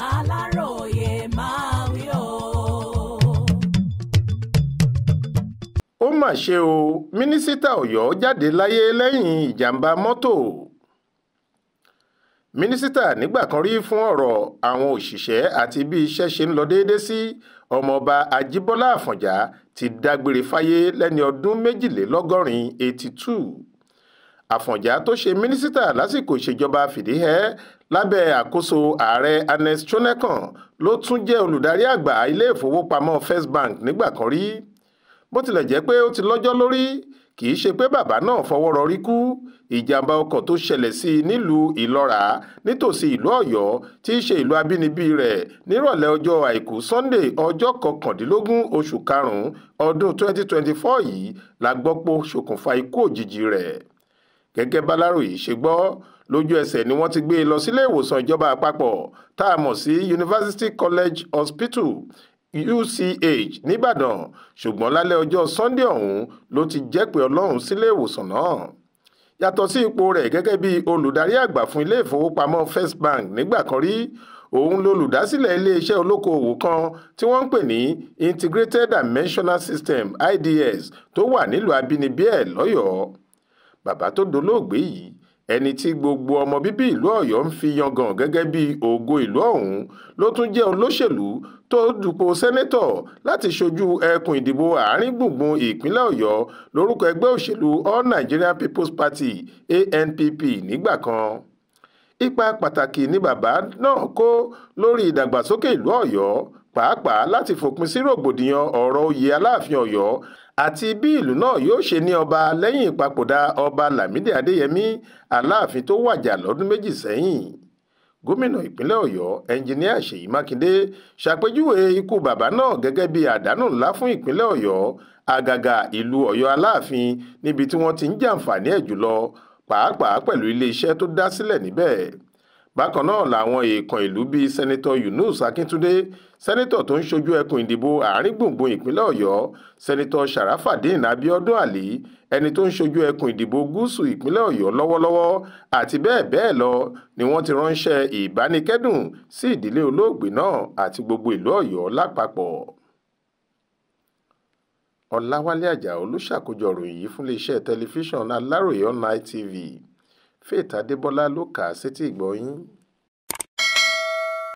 aláròye máa wí o. ó mà ṣe o mínísítà ọ̀yọ́ jáde láyé lẹ́yìn ìjàmbá mọ́tò mínísítà nígbà kan rí fún ọ̀rọ̀ àwọn òṣìṣẹ́ àti bí iṣẹ́ ṣe ń lọ déédé sí ọmọọba ajíbọ́lá àfọ̀njá ti dágbére fáyé lẹ́ni ọdún méjìlélọ́gọ́rin eighty two àfọ̀njá tó ṣe mínísítà lásìkò ìṣèjọba fìdíhẹ́ lábẹ́ àkóso ààrẹ ernest shonekan ló tún jẹ́ olùdarí àgbà ilé ìfowópamọ́ first bank nígbà kan rí bó tilẹ̀ jẹ́ pé ó ti lọ́jọ́ lórí kì í ṣe pé bàbá náà fọwọ́ rọrí kú ìjàmbá ọkọ̀ tó ṣẹlẹ̀ sí i nílùú ìlọ́ra nítòsí ìlú ọ̀yọ́ tí í ṣe ìlú abínibí rẹ̀ nírọ̀lẹ́ ọjọ́ àìkú sunday ọjọ́ kọkàndínlógún oṣù karùn-ún ọdún 2024 yìí la gbọ́ pé ó ṣokùnfà ikú òjijì rẹ̀ gẹ́gẹ́ báláròyé ṣe gbọ́ lójú ẹsẹ̀ ni wọ́n ti gbé e lọ sílé ìwòsàn ìjọba àpapọ̀ tá a mọ̀ sí University College Hospital UCH nìbàdàn ṣùgbọ́n lálẹ́ ọjọ́ Sunday ọ̀hún ló ti jẹ́ pé ọlọ́run sílé ìwòsàn náà yàtọ̀ sí ipò rẹ̀ gẹ́gẹ́ bí olùdarí àgbà fún ilé ìfowópamọ́ First Bank nígbà kan rí òun lolùdásílẹ̀ iléeṣẹ́ olókoòwò kan tí wọ́n ń pè ní Integrated Dimensional System IDS tó wà nílùú abínibí ẹ̀ lọ́yọ̀ọ́ bàbá tó dolóògbé yìí ẹni tí gbogbo ọmọ bíbí ìlú ọ̀yọ́ ń fi yangàn gẹ́gẹ́ bí ògo ìlú ọ̀hún ló tún jẹ́ olóṣèlú tó dupò sẹ́nẹ́tọ̀ láti ṣojú ẹkùn ìdìbò àárín gbùngbùn ìpínlẹ̀ ọ̀yọ́ lórúkọ ẹgbẹ́ òṣèlú all nigeria people's party anpp nígbà kan ipa pàtàkì ni bàbá náà kó lórí ìdàgbàsókè ìlú ọ̀yọ́ pàápàá láti fòpin sí rògbòdìyàn ọ̀rọ̀ oyè aláàfin ọ̀yọ́ àti bí ìlú náà yóò ṣe ní ọba lẹ́yìn ìpapòdà ọba lámìdí adéyẹmí aláàfin tó wàjà lọ́dún méjì sẹ́yìn gómìnà ìpínlẹ̀ ọ̀yọ́ ẹnjiníà ṣèyí mákindé ṣàpèjúwe ikú bàbá náà gẹ́gẹ́ bí àdánù ńlá fún ìpínlẹ̀ ọ̀yọ́ àgàgà ìlú ọ̀yọ́ aláàfin níbi tí wọ́n ti ń jàǹfààní ẹ̀ jùlọ pàápàá pẹ̀lú iléeṣẹ́ tó dá sílẹ̀ níbẹ̀ bákan náà làwọn èèkàn ìlú bíi sẹ́nitọ́ yunus akíntúndé sẹ́nitọ́ tó ń ṣojú ẹkùn ìdìbò àárín gbùngbùn ìpínlẹ̀ ọ̀yọ́ sẹ́nitọ́ sharafadeen abiodun ali ẹni tó ń ṣojú ẹkùn ìdìbò gúúsù ìpínlẹ̀ ọ̀yọ́ lọ́wọ́lọ́wọ́ àti bẹ́ẹ̀ bẹ́ẹ̀ lọ ni wọ́n ti ránṣẹ́ ìbánikẹ́dùn sí ìdílé olóògbé náà àti gbogbo ìlú ọ̀yọ́ lápapọ̀ ọ̀làwálé àjà olùṣàkójọ ìròyìn yìí fún iléeṣẹ́ tẹlifíṣàn aláròye online tv faith adébọlá ló kà á sétíìgbọ́ yín